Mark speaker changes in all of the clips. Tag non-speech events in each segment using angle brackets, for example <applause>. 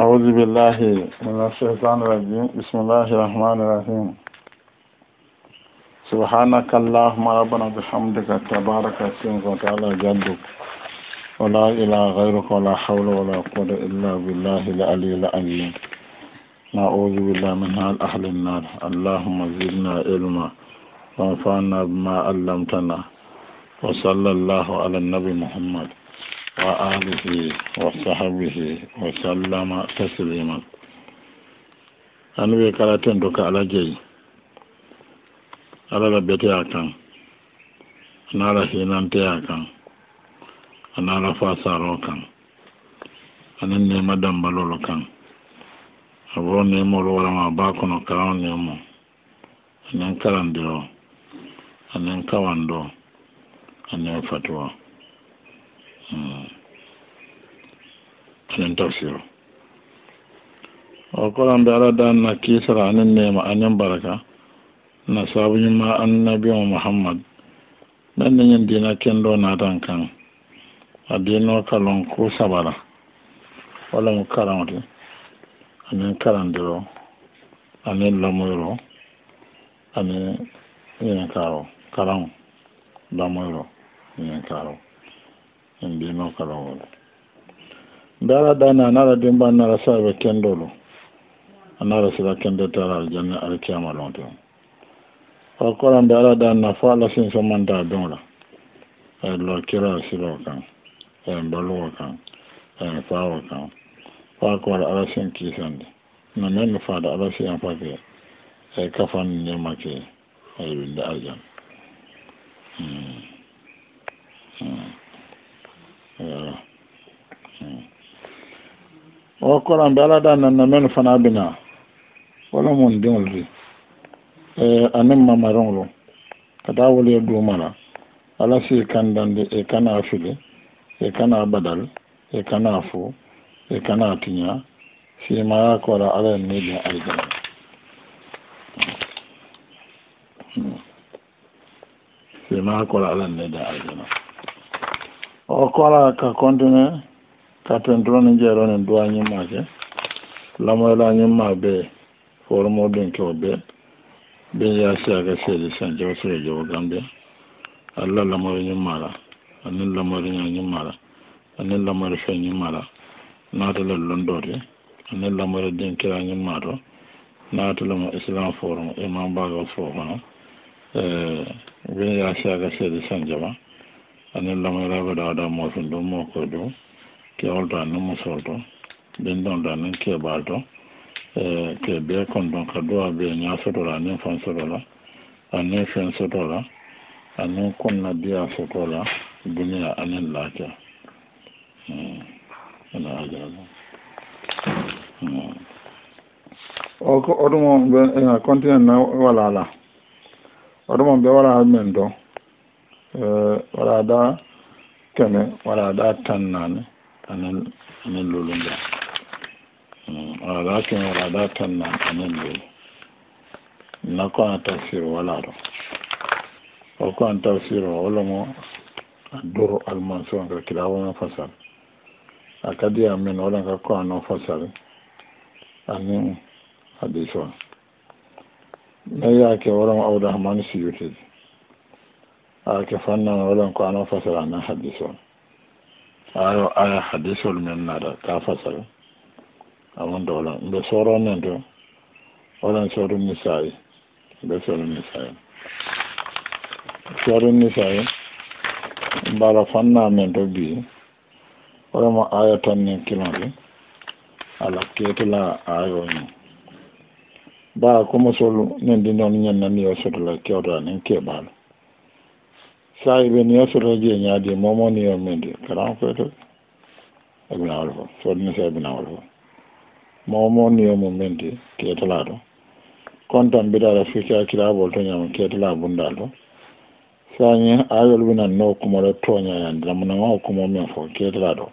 Speaker 1: أعوذ بالله من الشيطان الرجيم بسم الله الرحمن الرحيم سبحانك اللهم ربنا بحمدك تبارك اسمك وتعالى جدك ولا إله غيرك ولا حول ولا قوة إلا بالله العلي العظيم نعوذ بالله من نار أهل النار اللهم زدنا علما وانفعنا بما علمتنا وصلى الله على النبي محمد وآله وصحبه وسلم تسليما أنا بكراتين دوك على جي على ربيتي أكام أنا على هينانتي أكام أنا على فاسارو أكام أنا نيمة دمبلولو أكام أبو نيمو لورما باكونو كراو نيمو أنا كرانديرو أنا كواندو أنا فتوى cikin tafsir o kolan da ala da na kisara anin nema anin baraka na sabon ma annabiyan muhammad dan da yin dina kendo na dan a adino kalon ko sabara wala mu karamata anin karandiro ani lamuro anin yin karo karan lamuro yin karo en mbino kalawol ndara dana anara dimba anara saɓe kendolo anara sira kende tara aljanna alkiyama lonto alkoran da ala danna fo ala sin somanta donra e lo kira siro kan e baluwo kan e fawo kan fo alkora ala sin kisande no men fada ala sin fake e kafan ñamake e winde aljan Mm. Mm. Hmm. Hmm. o koran be ala da nanna men fana bina wala mun denw diŋol e, ani aniŋ mamareŋolu ka taa wolu ye duumala ala si kandandi e i kana e fili i kana badali i kana fo i kana tiɲa simaya kora ala ye ne din alijana hmm. simaya kora ala ye ne din alijana okola ka continue katen drone jeerone duwa ñimmake lamoyla ñimma be forumo ɗin ke o be ɓe yasiyaga seedi san jawsere jowo gambe allah lamori ñimmala anin lamori ña ñimmala anin lamori fe ñimmala naatale londote anin lamori din kira ñimmato naatalemo islam forum imam bagal fo kono eh, ɓe yasiyaga seedi san jama anin lamayraɓe ɗo aɗa moofin ɗum mokoy ɗum kewol to anin musol to ɗin ɗon ɗo anin keɓal to e, ke be kondon ka duwa be ña sotola anin fan sotola anin fen sotola anin konna diya la, duniya anin laake hmm. ene ajaɓo hmm. o ko oɗumo ɓe eh, continue na walala oɗumo ɓe wala men ɗo Eh, wala da keme wala da tan nane anan min lulu ja hmm, wala da keme wala da tan nane anan lulu na kona tafsir wala do o kona tafsir wala mo duru almansuwan ka kitabu na fasal akadiya min wala ka kona na fasal anin hadisuwa na yake wurin auda hamani siyuti a ake fannan wurin kwanan fasara na hadisun ayo aya hadisul min na da ta fasara amin da wurin da sauran nan da wurin saurin misali da saurin misali saurin misali bara fanna min to bi wurin ma aya tan ne kilomita alaketula ayo ne ba kuma solu nan dinon yan nan ne wasu da kyauta ne ke bala sahibe ni yasoroje ñaadi momoni yo mende karan koyto ebina wol fo sodni so ebina wol fo n'i yo mum mende ketolaɗo kontan mbiɗaɗa fiki hakkilabol to ñama ketala bundal to sañi ayol winan no kumore toñayande lamunama hokkumo men fo ketalaɗo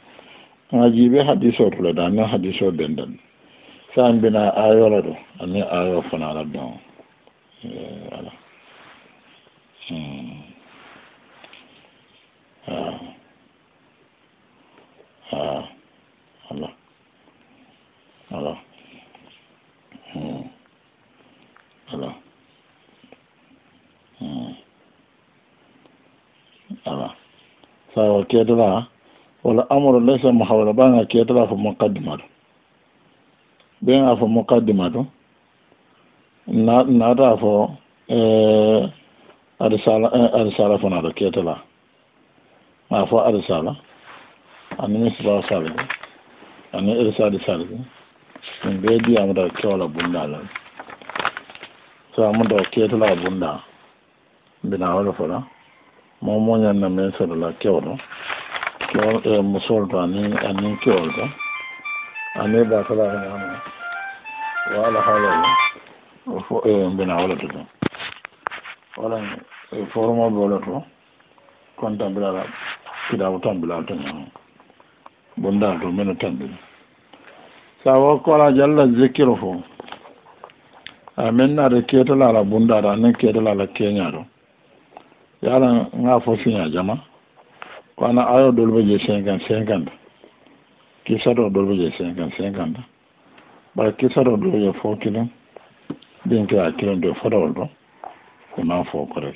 Speaker 1: a jiiɓe hadis o tule da ni hadis o ɓendan sañ mbina ayola do ani ayo fana eh, ala ɗon hmm. ala Allah Allah sawa kedra wala amru laysa muhawala banga kedra fa muqaddimatu ben afo muqaddimatu na na da afo eh arsala arsala fa na da kedra ma fo arsala ani misba da ani irsali sala ɗum ɓe mbiyamuɗa kewla bunda la so amuɗa ketala bunda mbina wala fola mo moñanna min sodola kewɗo kewɗo eh, musolto ani anin kewolto ani batalaaama wala haalala fo mbina eh, wolata ɗum wala eh, formo ɓe wolato kontan mbiɗaɗa kitabu tambila ten bonda to meno tambila sawo kola jalla zikiru fo na da ketala la bunda da nan ketala la kenya do yaran nga fo sinya jama kwana ayo dolbe je 50 50 kisa do dolbe je 50 50 bara kisa do dolbe je 40 din ka kiran do fodol do na fo korek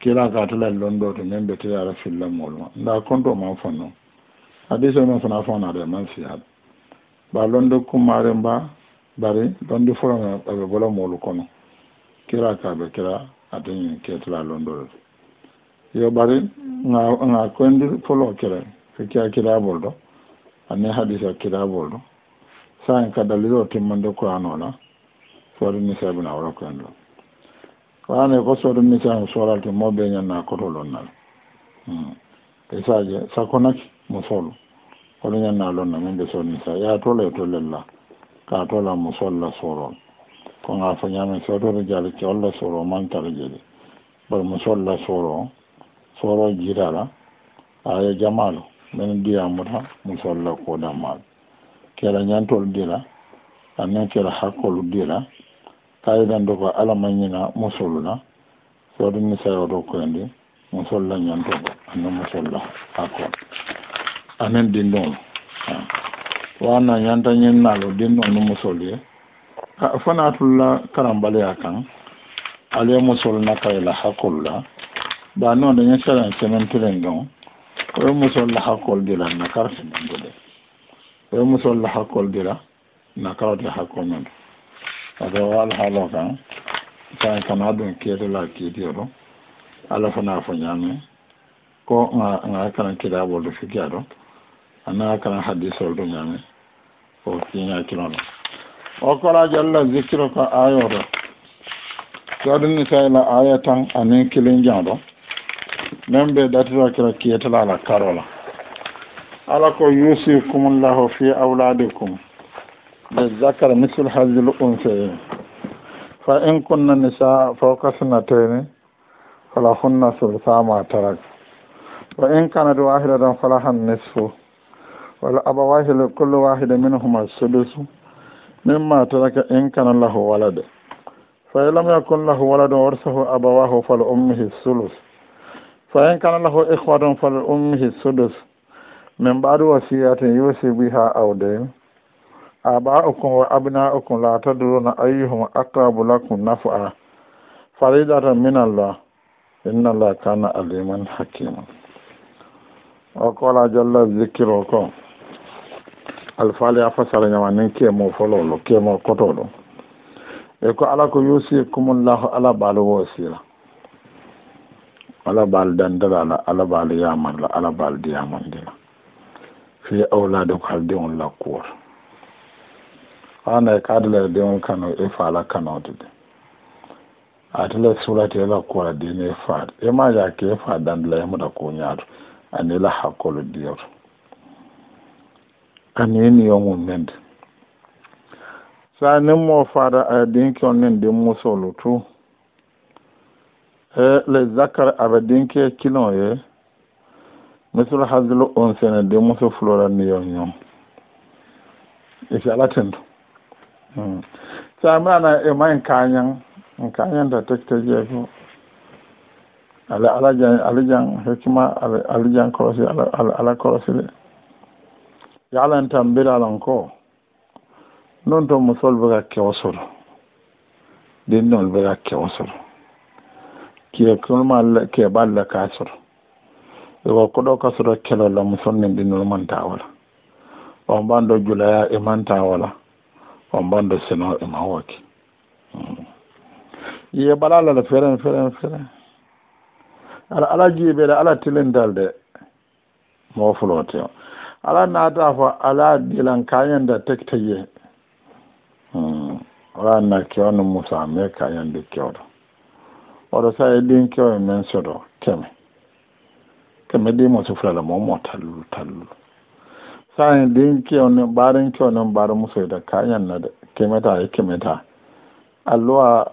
Speaker 1: kira ka tala londo to nyambe te da filla molma nda konto ma fonno hadiso ma fana fona de man fiya ba londo kumare mba bari londo fona be bola molu kono kira ka be kira atin ke tala londo yo bari nga nga kondi folo kira ke kira kira boldo anne hadiso kira boldo sa en ka dalilo timmande qur'anola sori ni sabina wala kondo fane ko soɗum misan soralti mo ɓeñanna kotolon nal e saje sakkonaki mo solu koɗo ñanna lonna min ɓe sonni sa yaa tola tole la ka tola mo solla sorol ko ga fo ñamen sototo jali colla soro mantara jeɗi bar mo la soro soro jirala aya jamalo min ndiyamuta mo solla ko dammaɗo kela ñantol dira annen kela hakkolu dira kaidan do ko alamayina musolluna sodu misayo do koyndi musolla ñantogo anna musolla akon anen dindono wana ñanta ñinnalo dinno no musolye fanatulla karambaleya kan ale musol na kayla hakolla ba noon daña saren sementiren gon oye musolla hakkol dila nakara semendude oye musolla hakkol dila nakarote hakkol men kado ala haaloo kan kaa kana don kere la kiidiyoro ala fana fo ñaame ko ŋa kana kiraabolu fikiyaro anaa kana hadisoldu ñaame ko kiña kilono o kola jalla zikiro ko ayoro kadu ni kayla aya tan anin kilinjaŋro meŋ be datiro kira kiyetala la karola ala ko yusif kumullaho fi auladikum lilzacara misl hazil unsei fa in kunna nisa fawkasnateni fala hunna sulsama tarak wa in kanat wahidatan falahan nisfu wala abawahil kullu wahida minhuma sudusu mimma taraka in kana lahu walade fa in lam yakun lahu waladun warsahu abawahu fal ummihi sulus fa in kana lahu ihwatun fal ummihi sudus min ɓaɗu wasiyatin yusi biha awdain آباؤكم وأبناؤكم لا تدرون أيهم أقرب لكم نفعا فريدة من الله إن الله كان عليما حكيما وقال جل ذكركم alfaali afasara ñama nin kemo fololo kemo kotolo e ko ala ko yusikumullahu ala baalu woosira ala baalu dandalala ala baalu yamanla ala baalu diyamanndila fi ana ka adala den kano e fala kano tude atala surati la kura dine fa e ma ya ke fa dan la mu da ko nyaatu ani la hakolo diyor ani ni yongu mende sa ne mo fara a den kyon nen de mo solo tu e le zakar aba den ke kilon ye misal hazlo on sene de flora ni yon yon e ala tendo Hmm. mana na ima e kanyan kanyan da take ta jefu alijan hikima alijan korosi ala korosi ya yalan tambira lan ko non to musol bega ke wasol din non bega ke wasol ki e kulma ke balla kasur ko e kodo kasura kelo la musol nin din non man tawala on bando julaya e man tawala on banda sino en hawaki iye mm. bala alala feren feren da ala ala dal ala tilindalde mo fulote o ala ta fo ala ta kayanda tektaye ala na ni mm. musa kewno moussa me kayande kewɗo oɗo sa e ɗin kewe kɛmɛ soɗo keme keme ɗimo suflala mo mo ta tallu sa'in din wani barin wani barin musu da kayan na kimeta ya kimeta alluwa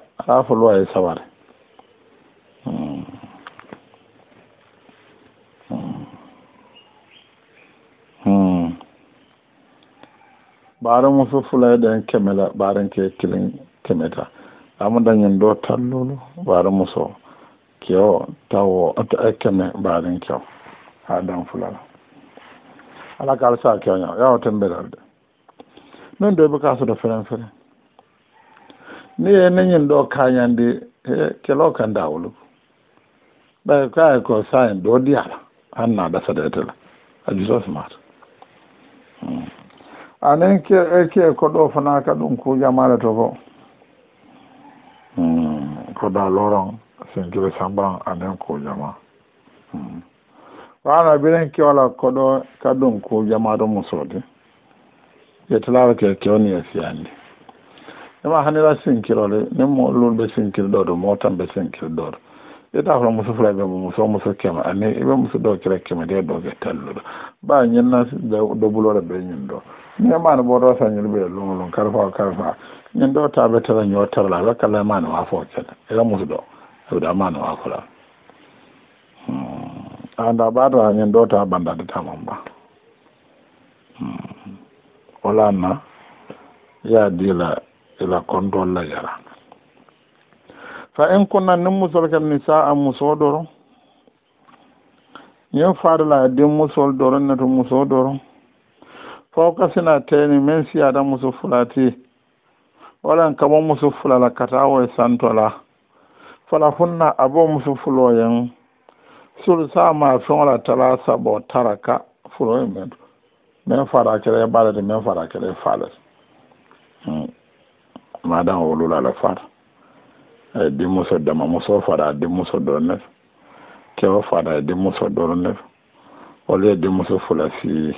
Speaker 1: luwa ya sabar barin musu fula da yan kemela barin ke kilin kimeta amma da yin dotar lulu barin musu kyau tawo ta keme barin kyau a dan fulala ala e ka alisa kenya yawo tembelalde min do ɓe kasoto feren feren ni ye neñin ɗo kañandi kelo kan dawolu ɓay kaye ko sayin ɗo diyala hanna dasadetela a jusos mata anen ke ko ɗo fana ka ɗum kujamare to fo ko da loron sinkiri samban ko jama. wala biren kewala koɗo kaɗum ko jamaɗo musode yetelaɗo ke kewni e fiyande ema hanira sinkirole nin mo lulɓe sinkiri ɗo ɗo mo tan ɓe sinkiri dodo ɗo ita hono muso fula ɓe mo muso muso keme ani ɓe muso ɗo kira keme de ɗo ke talluɗo ba ñinna ɗo bulore ɓe ñin ɗo ñemani ɓoɗo sañil ɓe lumlum kar fa kar fa ñin ɗo taɓe tara ño tarla ɓe kala mani wa fo ila musu do ɗo ɓeɗa mani wa la anda ɓaata ñin ɗo ta ɓandade tamam ba na ya dila ila la yara fa in kunna nin musol kel ni saa muso doro ñin faarila din musol doro neto ka doro fo kasina teni min siyata muso fulati walan kabo muso fulala kata wo e santola fala funna abo muso fuloyen sori saa maa fɛn wɛrɛ tara sabɔ tara ka in bɛ mɛ fara kɛrɛ e ba la de mɛ fara kɛrɛ e fa la da dan la la fara a ye denmuso dama muso fara a denmuso dɔrɔn ne cɛw fara a ye denmuso dɔrɔn ne olu ye denmuso fila si ye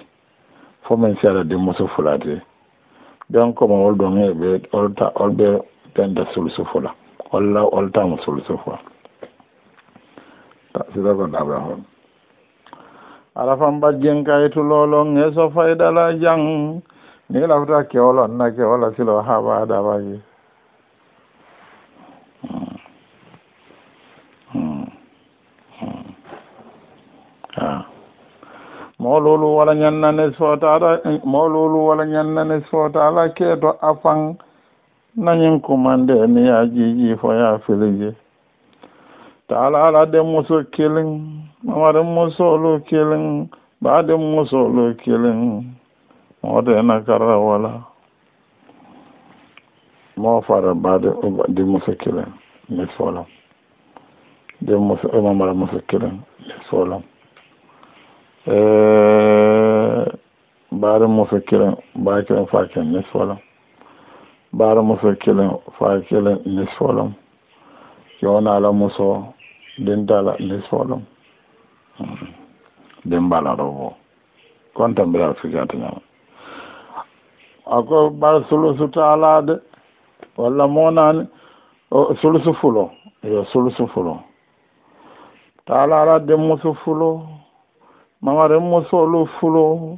Speaker 1: fo min sera denmuso fila de donc comme olu dɔn e bɛ olu ta olu bɛ fɛn ta wala fɔlɔ olu la olu ta muso siratol abraham alafan bajjin lolo, e so faydala jang ni lafta kewolon na kewola silo haɓa dabaji moololu wala ñannane sootaala moololu wala ñannane sootaala keeto afan na kumande ni ya jiiji fo ya filiji taalala de muso kelen mamari muso olu ba baden muso olu kelen mɔgɔ de na kara wala mɔgɔ fara ba de muso kelen ne fɔlɔ de muso e mamari muso kelen ne fɔlɔ ba baden muso kelen ba kelen fa kelen ne fɔlɔ baden muso kelen fa kelen ne fɔlɔ jɔn na ala muso den dentala lesoɗum dembalaɗo o kon tambira sigata ñama ako ɓar sulusu taalade walla monani o sulusu fulo yo sulusu fulo taalara demmusu fulo mamaren lu fulo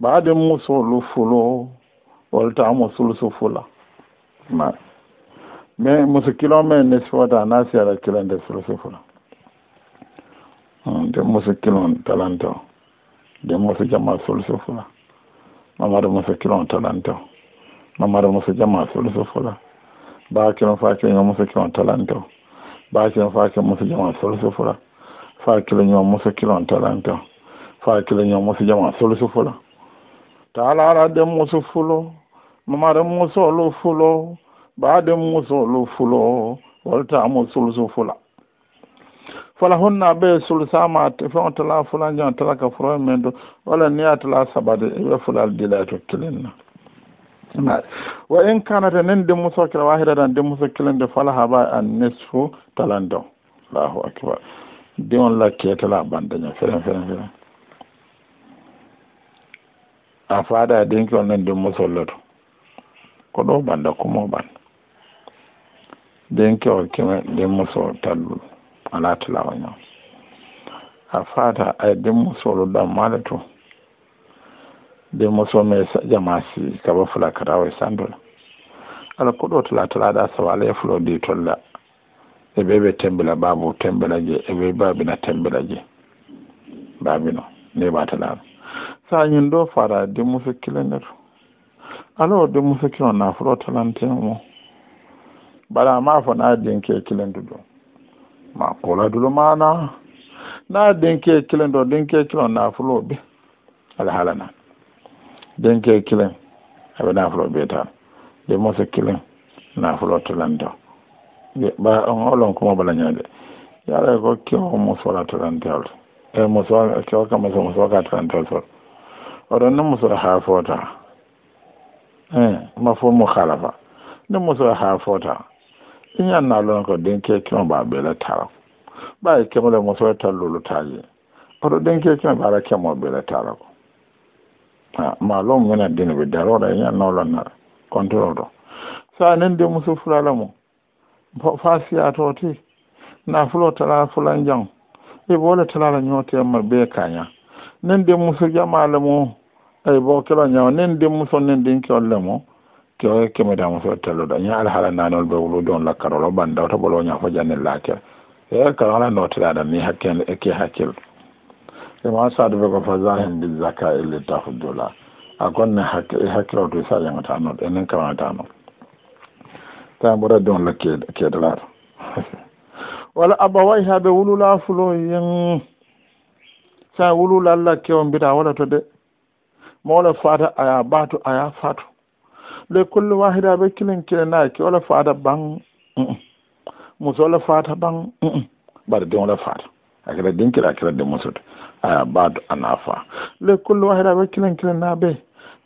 Speaker 1: baaden musolu fulo woltamo sulusu fula mais musu kilo men ne siwata na siyara kilande sulusu fulo. nte muso kilon talanto de muso jama sulusu fula mamado muso kilon talanto mamado muso jama sulusu fula ba kilon fa kilon muso kilon talanto ba kilon fa kilon muso jama sulusu fula fa kilon yo muso kilon talanto fa kilon yo muso jama sulusu fula taala ala musu muso fulo mamado muso olu fulo ba de muso lo fulo walta muso sulusu fula fala honna ɓe sulsama fɛn tala fulanjan tala ka fura e, min e, to wala niya ya tala sabade e be fulal dila to kelen na wa in kanata nin nende muso wahidatan wahida dan de fala haba an nesfu talando allahu akbar on la bande nya feren feren feren a faada dinki on nin dimmusol le to ko ɗo banda kumo banda dinki o kime muso talu alaati lawañoo a faata ay denmusolu ɗammaɗa to denmuso me jamasi kaba fula katawo e sandola ala ko ɗo tala talaɗa sawa alaye fulo di tolla e ɓeɓe tembila babu tembila je e ɓe babina tembila je babino ne ɓatalaɗo sa ñun ɗo faata denmuso kilende to ala denmuso kilo na fulo talantemo bala ma fo na denke kilendu ɗum ma kɔla dolo maana n'a denkɛ kelen dɔ denkɛ kelen nafolo bi alihala na denkɛ kelen a bɛ nafolo bɛɛ ta denmuso kelen nafolo tilanta ba ɔlɔn kuma bala ɲɛ dɛ yala ko kɛw muso la tilanta e la ɛ muso kɛw ka muso muso ka tilanta sɔrɔ o don ne muso ha fɔ ta ɛ ma fɔ mu kalafa ne muso ha fɔ ta i y'a na lɔn ko denkɛ kɛw b'a bɛɛ la taara ba a ɓawi kemole musoye tallolu taji oto ɗenke kene ɓaara kemo da tara ko e ma lom mena dina rora daroɗa e ñannolonnara contrôle ɗo sa nan da musu fulala mo fa siyatoti na fulo tala fulan jang e bole talala ñoote ma ɓe kaña nen de muso jamale mo ay bo kela ñaw nen de muso nen din keolle mo kewo kemeda muso telluɗa ña na nanol ɓe wulu don lakkarolo ɓanda oto ɓolo ña fo jannin lakere ya e kalana notilaɗa ni hakkende eke hakkil ima sadu ɓe ko fa zahin bi zaka illi tafdula a konne hakkiloto sa yagata noɗo enen ta no ta ɓura don la lar <laughs> wala ha haɓe wulula fulo yen sa wulula on bi da wala to de mola fata aya batu aya fatu le kullu wahida ɓe kilin kilenayi ke wala fata ban muso la fata ban bar don la fata akira din kira kira da muso a ba da anafa le kullu wahida ba kilan kilan na be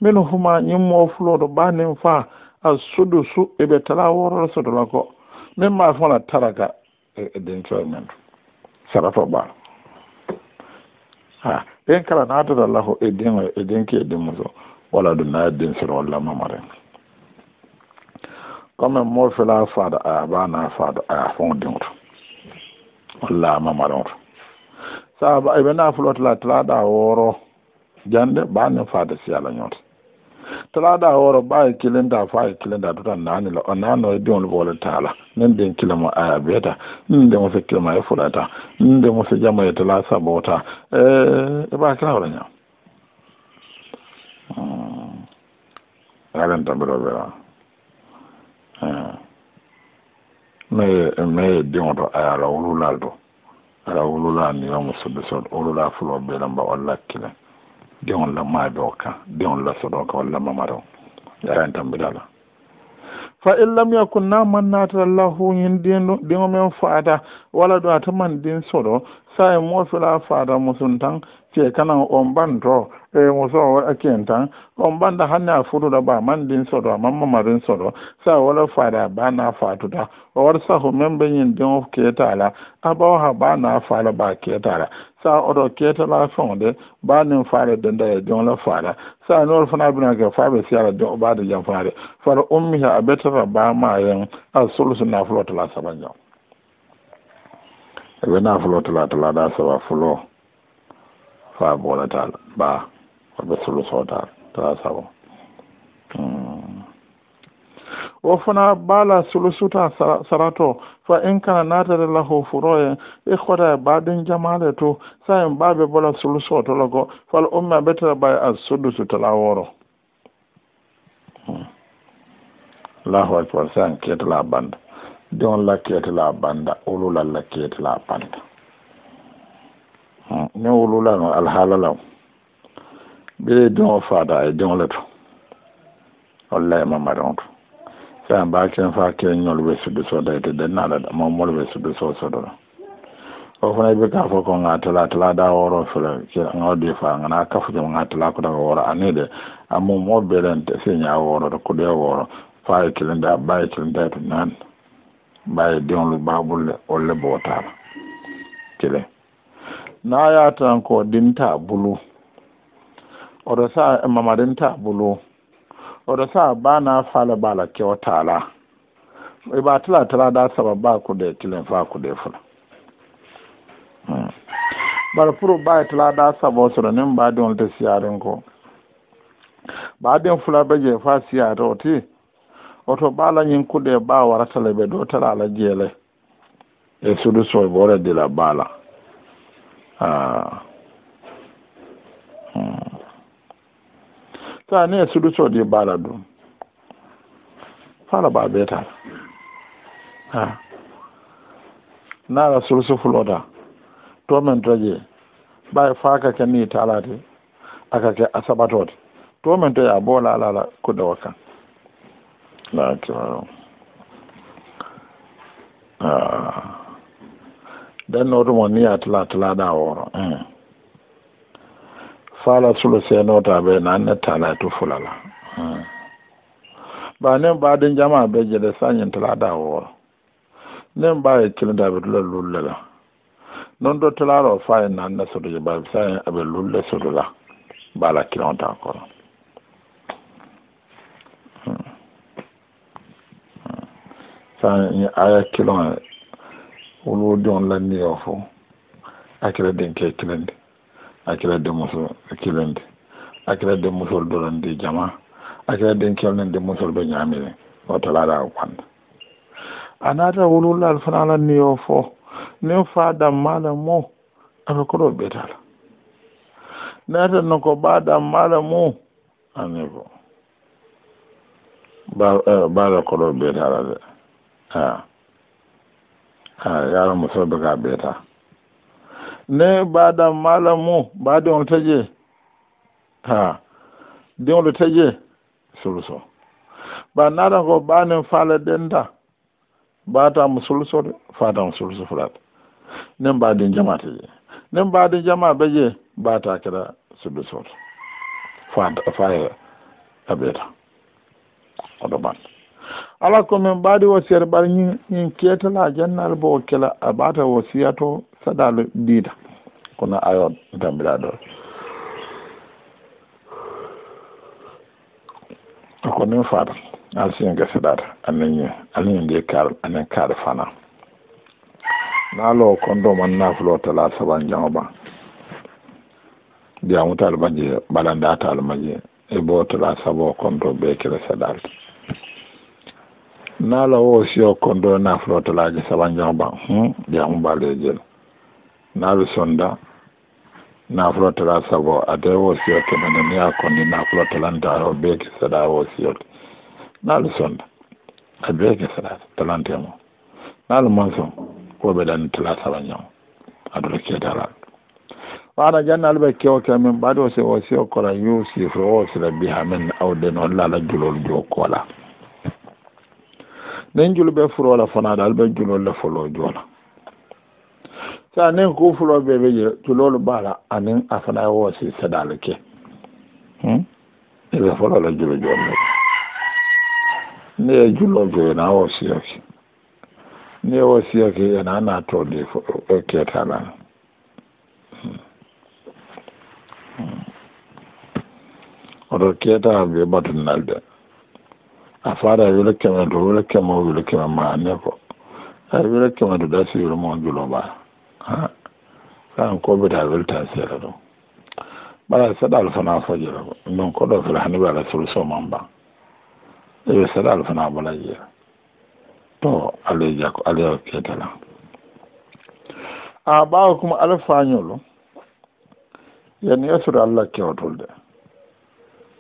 Speaker 1: min huma yin mo flo do ba nin fa asudu su e be tala woro so do ko min ma fona taraka din tournament sarato ba ha den kala na da lahu e din e din ke din muso wala dun na din sir wala mamare comme mo fa da aya ba na fa da aya fondiŋoto walla mamaɗoŋoto saaba eɓe nafulotala talaɗa wooro jande bani faada siyala ñoto talaɗa wooro ba e kilinda fa da e na ni nanila o nano e diŋol boole taala nin ɗin kilimo aya beeta nin ndemo fe kilima e fulata nin ndemo fe jamo e tala sabota e ɓa kila wala ñam garen tambiroɓera ne ye diŋo to a ye ala wululal to ala wulula ni yo muso be so wulula fulo be lamba walla kile diŋo la maabe o kan diŋo la sodo ka walla mamaro yaran tambidala fa in lam yakun na man natarallahu yin diŋo men fada wala ta man din soɗo sa e mofila faada musuntan tan fe kanan on ɓanto e muso aken tan on da hanna a da ba man din soɗo aman mamarin soro sa wala fada ba na fatuda da war sahu men ɓe yin diŋo ketala abawo ha ba na fala ba ketala sa oɗo ketala de ba nin fara da da don la fara sa nor fana bina ga fa ɓe siyala diŋo ba da jan fara ummiha a beta tara bama a al ah, sulusu fulo tala saba jam ebe fulo tala tala da saba fulo fa bola tala ba abe sulusu tal tala saba wo hmm. fana bala ta sarato fa in kana natare lahu furoye i ya e din jamale to sa ba baɓe bola sulusu o tologo fala umma ɓetara ba as sudusu tala woro hmm. allahu akbar san ketala banda don la kete ketala banda ulula la ketala banda hmm, ne ulula no alhalala be don fada e don la leto wallahi mama don to san ba ken fa ken nyol be sudu so da te den da ma mol be sudu so so do o fana be ka fo ko ngatala tala da woro fere ke ngodi fa ngana ka fu ngata la ko da woro anede amu mo be len te se nya woro ko de woro faye kilinda baye kilinda to nane baye diŋolu baabulle wolle bootaala kile naa yaatan ko taa bulu oɗo saa taa bulu oɗo saa baana faala baala kewo taala iɓa tala tila da saba ba kude kilen fa kude fula bara pour baye tala da saba sɔrɔ nin baa diŋolu te siyaarin ko baa den fula be je fa siyaata o ti oto ɓaala ñin kuɗe ɓaa waratale ɓe dow tara la jeele e solution ɓe wara dila baala ah. hmm. ta ni e solution ɗi baala ɗum fala ɓa la naara solution fulota to men toje fa ka ke ni talate aka ke asabatode to men toye a boola la kuɗe kan. na tunanin dan na wata ni ya tula-tula da woro ta sulu bɛ na wata bai na na talatu fulala ba ne ba din bɛ bai jade sanyin tila da woro ne ba ya kiri da bai tula la non do tula ro fayin na na sulu ba a bɛ lullula sulu la ba la kiran ta kɔrɔ. san aya kilon wolo don la ni yo fo akira den ke kilende akira den muso kilende akira den muso dolan de jama akira den kilende den muso be nyamire o tala da kwan anata wolo la fana la ni yo fo ne fa da mala mo aka ta la nata no ko ba da mala mo anebo ba eh, ba da ta la de a yaran musul buga beta ne ba da malamu ba da wani taje ha din wani taje suluso ba na da ko ba ne fala denda ba ta musulso fa ta musulso fulat nin ba din ta je nin ba din jama'a je ba ta kira suluso fa fa abeta odoban ala ko komin ɓaadi wasiyar ɓar keta la jannal bo kela a ɓaata wasiya to saɗaalo diida kono ayo dambiɗa do ko nin fata sin ga sadata anan anan de kar anan kar fana na lo kondo man na fulo tala saban jamba dia mutal banje balanda tal maje e bo tala sabo kondo be kira sadata nala wo siyo kondo na flotolaji sabanjang bang hmm jang bale jel nalu sonda na flotala sabo ate wo siyo kemene ni akondi na flotala ndaro beki sada wo siyo nalu sonda abeki sada talante mo nalu monson ko be dan tala sabanjang adul kedala wara jannal ɓe kewke min ɓaɗo se o si o kola yusif o sila biha min awden lala julol jo kola nin julu bɛ furo la fana da bɛ julo le folo jola sa ne ko furo bɛ bɛ je julo ba la ani a fana wo si sadale ke hmm? bɛ fɔlɔ la julo jola ne julo jo na wo si ne wo si yake yana na to de ke ta na hmm. hmm. oto keta be batun nalde a fara yore kɛmɛ do yore kɛmɛ wuri yore ma a fɔ a yore kɛmɛ do da sigi ma jolo ba ha ka ko bɛ da yore tan sera do bala sada alfa na fɔ jira ko non ko dɔ fɛnɛ hani ba ala sɔrɔ so man ba e be sada alfa na bala jira to ale ja ko ale a ba kuma alfa fa yanni ya sɔrɔ ala kɛ o tol dɛ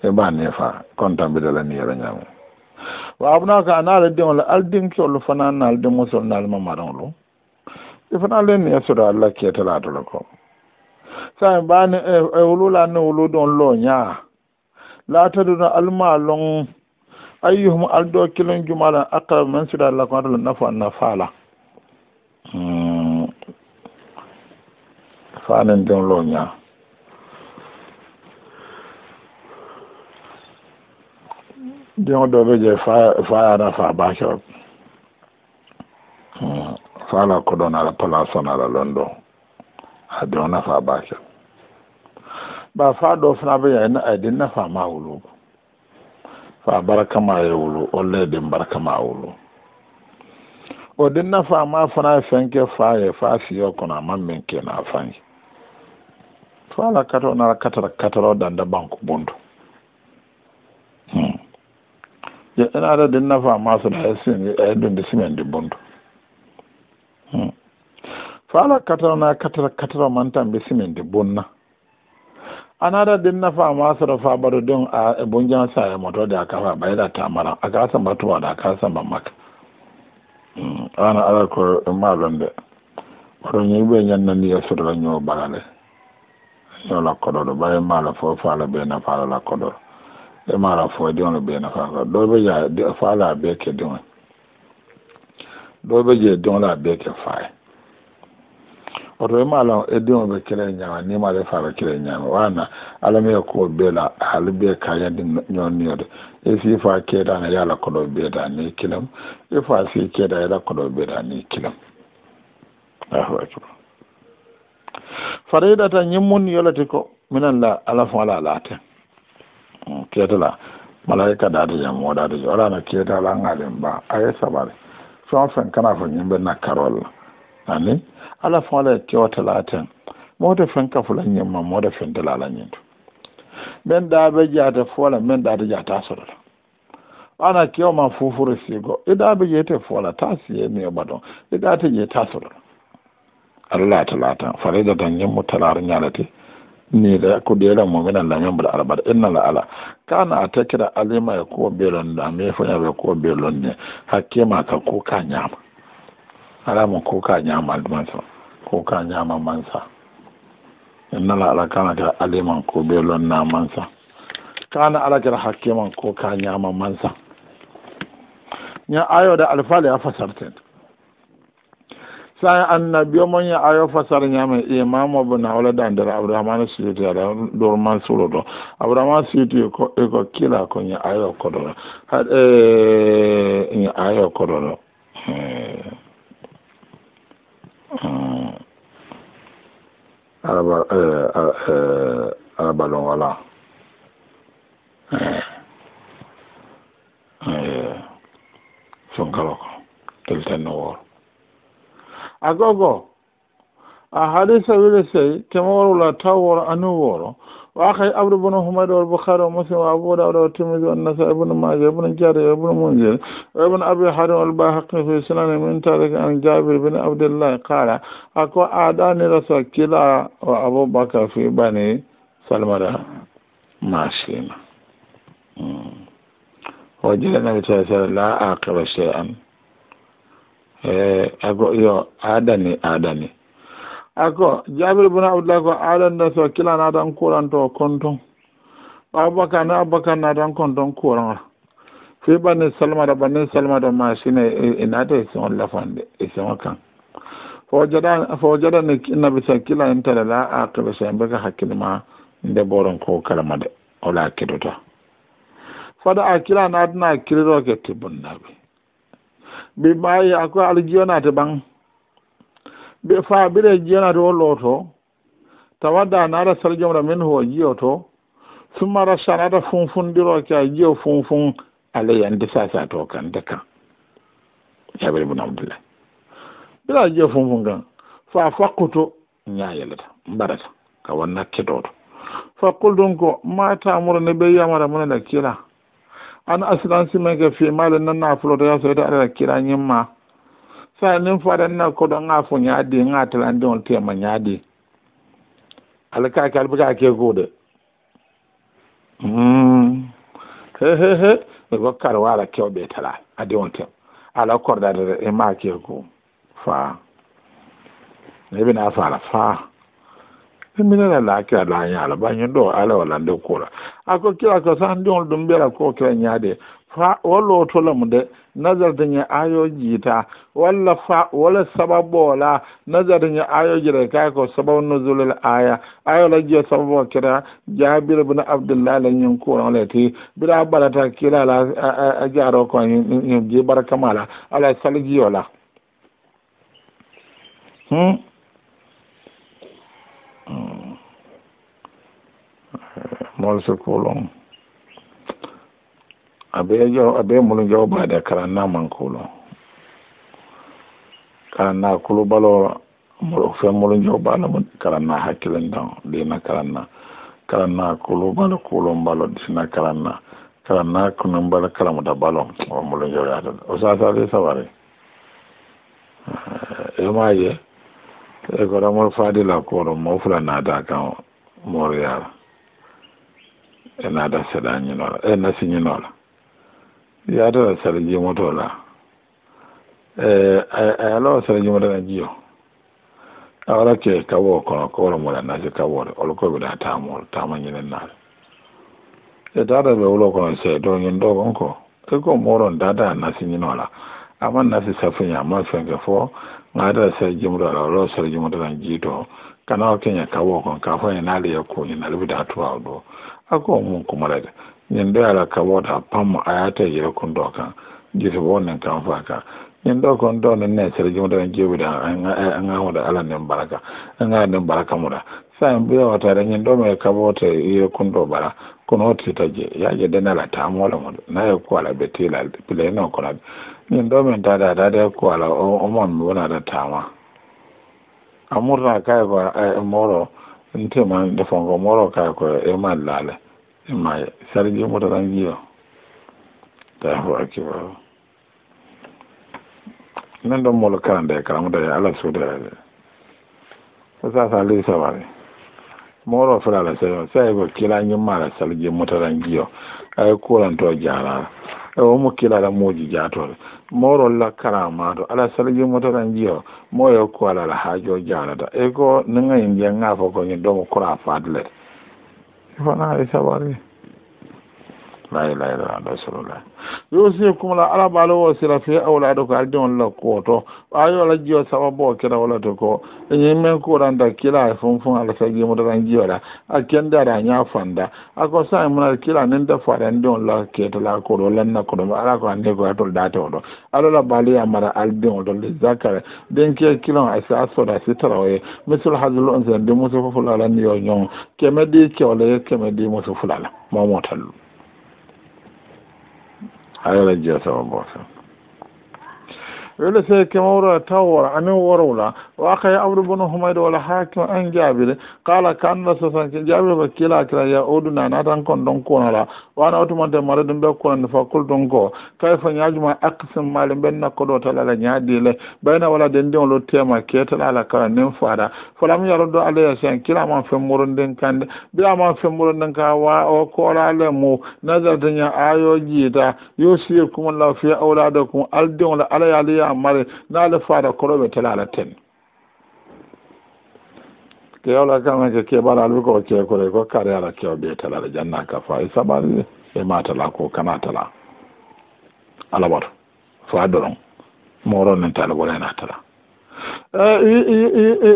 Speaker 1: e b'a ne fa kontan bi da la ni yara nyamu wa abuna ka le de wala din ki olu fana na aldin musul na alma maranlo fana le ne sura Allah ke tala to ko sai ba ne e ulula ne uludon lo nya la taduna alma long ayyuhum do kilon jumala aqrab man sura Allah ko na fa na fala hmm. fanin den lo nya diŋo dɔ be je fa na fa bakiro hmm, fa la kodon ala pala sona la londo a diŋo na fa bakiro ba fa dɔ fana be ya ina aidin na fa ma wulu fa baraka ma ye wulu o le din baraka ma wulu o din na fa ma fana ye fɛn kɛ fa ye fa fiyɔ kɔnɔ a ma min kɛ na fan ye fa la na katara katara katara danda banku bundu je ɗen ara den nafa masuɗa eɗunde e simen di bondu hmm. faala katara na katara katara mantan ɓe simen di bonna anaɗa den nafa masuɗa fa ɓaɗo don a e bonjan sa e motode a kafa ɓayɗa tamaran a ka samba tuwaɗa a ka samba makka hmm. ana ara ko e maɗon de ɓaɗo ñiɓe ñannandi ye soɗola ñoo ɓagale ñoo lakkoɗoɗo ɓaye maalo fo faala ɓe nafaala lakkoɗoɗo e mara fo diŋolu bee nafa ka doo be je faa la a bee ke diŋo doo be je diŋo la a bee ke faa ye woto i maa loŋ e diŋo be kele ñaama niŋ maa le faa be kele ñaama waana alla mu ye kuwo bee la hali bee ka yandi ñoŋ niyo de i si faa keedaana ye a la kodoo bee daa niŋ kilem i faa si keedaa ye la kodoo bee daa niŋ kilem allahu akbar faraidata ñiŋ muŋ niyo le ti ko minaŋ la alla faŋo la a laa keta malaika da da jamu da da jora na keta la ngalin ba ay sabari fɛn o fɛn kana fɔ ɲin na karol ani ala fɛn la kɛ o talatin mɔgɔ fɛn ka fula ɲin ma mɔgɔ tɛ fɛn tɛ la ala to min da bɛ jate fɔ la min da ja t'a sɔrɔ la ana kiyo ma fufuru si ida i da bɛ fola fɔ la t'a si ye min ba dɔn i da tɛ t'a sɔrɔ la ala lata talatin fari da dan ɲin mu talar ɲalati ne da ku dera mu minan la nyambal la'ala inna la ala kana kira alima ya ko belon da me fanya ya ko belon ne ma ka ko ka nyama ala mu ko ka nyama mansa ko ka nyama mansa inna la ala kana kira alima ko belon na mansa kana ala kira hakiman ko ka nyama mansa ya ayo da alfali ya fasarta sai annabi mon ya ayo fasar nyame imam abu nawla dan dar abdurrahman suyuti ala dorman suro do abdurrahman suyuti e ko e ko kila ko nya ayo ko do ha e nya ayo ko do araba eh e, araba wala eh eh son tel agogo ahadis awile sey temoworola taw woro anu woro waakay abdu bunu wal bukhari wa muslim wa abu dawud wa tirmidhi wa nasai majah munzir wa abi harim bahaqi fi sunan min tarik an jabir bin abdullah qala ako adani rasul kila wa abu bakr fi bani Eh, yo adani adani akɔ jabir bin abdullah ko adani da so kila na dan koran ntɔ kɔntɔn abaka na abaka na dan konton fi ba ni salima da ni salima da ma shine ina ta sun lafan isa kan jada ni na bisa kila in tara la a kaba bɛ ka hakili ma da boron ko kalma da ola kidota da a kila na adana kiriro ke tibun bi. ɓe ɓaawi ako aljiyonaate ɓan ɓe faa ɓire jiyonaate o na tawadda naata sarjomra min ho jiyoto summa rassanata funfundiroke a jiyo funfun alay ande sasa to kan de kan jabir ibn abdullah bila jiyo funfun kan fa fakkuto ñayelata mbarata ka wonna keɗoto fa dun ko ma amuru ne be yamara da kila an asiransi men ke na nanna fuloto ya soyde alala kira ñimma sa nin fadanna koɗo ga fo ñaadi ga talandiol tema ñaadi hmm. e ala kake ala bika kekude hehehe mi gokkar wala kewɓe tala adi on tem ala kordade e ma keku fa ebina fala fa siminira la kira la nya la ba nyi do ala wala de ko ako kira ko san don dum bela ko kira nya de fa wala to la mu de nazar ayo jita wala fa wala sababo la nazar da ayo jira kai ko sabab nuzul al aya ayo la je sababo kira jabir ibn abdillah la nyi ko la ti bira balata kira la a jaro ko nyi je la ala salgiyo la hmm morse kolon abe mulu jaw ba da karan na man kolon karan na kulu balo fɛn mulu jaw ba la karan na hakilin dan dina karan na karan na kulu balo kolon balo dina karan na karan na kunun balo karan da balo wa mulu jaw ya ta o sa dai sabare eh, ya ma ekɔrɔ mɔrɔfa de la kɔrɔ mɔfra nada kan mɔriya e nada sɛda nyinɔ la e nasi nyinɔ la yaada la sɛda jiye mɔtɔ la ɛɛ a yɛ lɔ sɛda jiye mɔtɔ la jiye a yɛrɛ kɛ kabɔ kɔnɔ kɔrɔ mɔriya nasi kabɔ de olu ko bi na taama taama ɲinɛ naare e daada bɛ wolo kɔnɔ sɛ dɔ ɲin dɔ kɔn kɔ e ko mɔrɔ daada nasi nyinɔ la a ma nasi safunya a ma fɛn kɛ fɔ. ngaada sarji ro olo sarji mudala jito kana o kenya kawo kon ka fo ali le ko ni na lebi da tuwa do ako mun kuma da nyen do ala kawo da pam ayata yere kun do kan jiso wonen kan fa ka nyen do kon do ne ne sarji mudala jiwo da an ga da eh, ala ne baraka an ga ne baraka da sai bi wa ta da nyen do me kawo ta yere kun do bara kono o titaje yaje denala tamola mudo na ye ko ala betila pile no kono da ɗo min tada dade ko tama omon wona kai ba a yi moro da defonko moro kay ko e in ma sarji ta yi jiyo tahu akibaru nan da ya karande da ya ala sa sa lisa ba ne moro fara la sai sai e ko kila nyu mara salje motaran giyo ay ko lan to jara e o mo kila la moji jato moro la karama do ala salje motaran giyo mo yo ko ala la hajo jara da e ko nanga indiya nga fo ko ni do ko ra fadle e fana ai sabari la ilaha illa allah rasulullah yusikum la ala balo wasila fi awladikum arjon la koto ayo la jiyo sababo kira wala to ko nyin men ko ran da kila fun fun ala sa jiyo da ran jiyo da akken da ran ya fanda ko sa mun kila nin da faran don la ke to la ko lan na ko ala ko ande ko to da to do ala la bali amara aldin do le zakar den ke kilon asa so da sitarawe misul hazul unsa de musu fulala ni yo nyon kemedi ke wala kemedi musu fulala talu. Hayal edeceğiz ama bakalım. wele se kemawra tawwara anin warowla wa akay abdu bnu humayd wala hakim an jabire qala ka anna sasanke jabire ko kila kira ya oduna natan kon don konala wana otumonte mara ɗum ɓe konande fa kulton ko kay fa ñajuma aqsim mali ɓenna koɗo talala ñaadile ɓayna wala den ndion lo tema ketalala kala nin faada falam yaroɗo alaya sen kilama femmuro ndin kande mbiyama femmuro ndin ka wa o koolale mu nagartaña ayo jiita yo sir kumun law fi awladakum aldion la alayaliya mari naale faada koroɓe tela ala ten ke yawla kamake keɓala alwi ko keekore ko kare ala kew ɓe tala ala janna ka fa ba ne e matala ko kana tala ala wato fa doron moro yana tala tala E,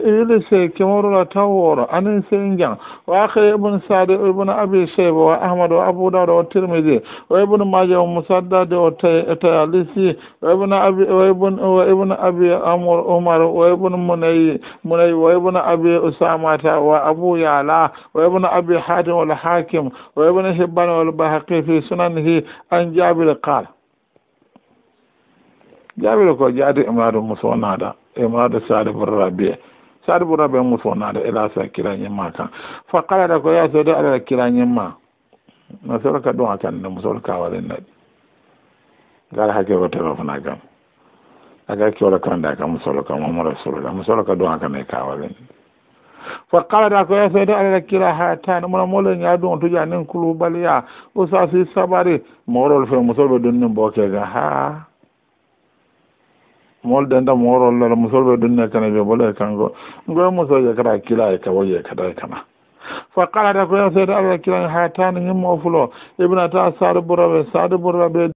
Speaker 1: ili se kimorula taworo anin sen jan wa akhi ibn sa'd ibn abi shayba wa ahmad wa abu dawud wa tirmidhi wa ibn majah wa musaddad wa tayalisi wa ibn abi wa ibn wa ibn abi amr umar wa ibn munay munay wa ibn abi usama wa abu ya'la wa ibn abi hatim wal hakim wa ibn hibban wal bahaqi fi sunanihi an jabir qala jabir ko jadi imradu musa wannan da e da sade borra be sade borra be mu fonade elasa ma kan fa kalata ko yasode alala kirañimma no soro ka ɗum a kannde mo soro kawalen naɗi gara hakkeko tewa fana kam aga kewla kande aka mo soro kam omo rasulula da soro ka ɗum a kane kawalen fa kalata ko yasode alala kira ha tani mona moleña ɗum tuja nin kulubaliya usasi sabari moral fe mo soro mol denda moro la musol be dunna kana be bola kango ngo muso ya kara kila ya kawo ya kada kana fa qala da ko ya sai da kila hatan ni mo fulo ibna ta sadu burabe sadu burabe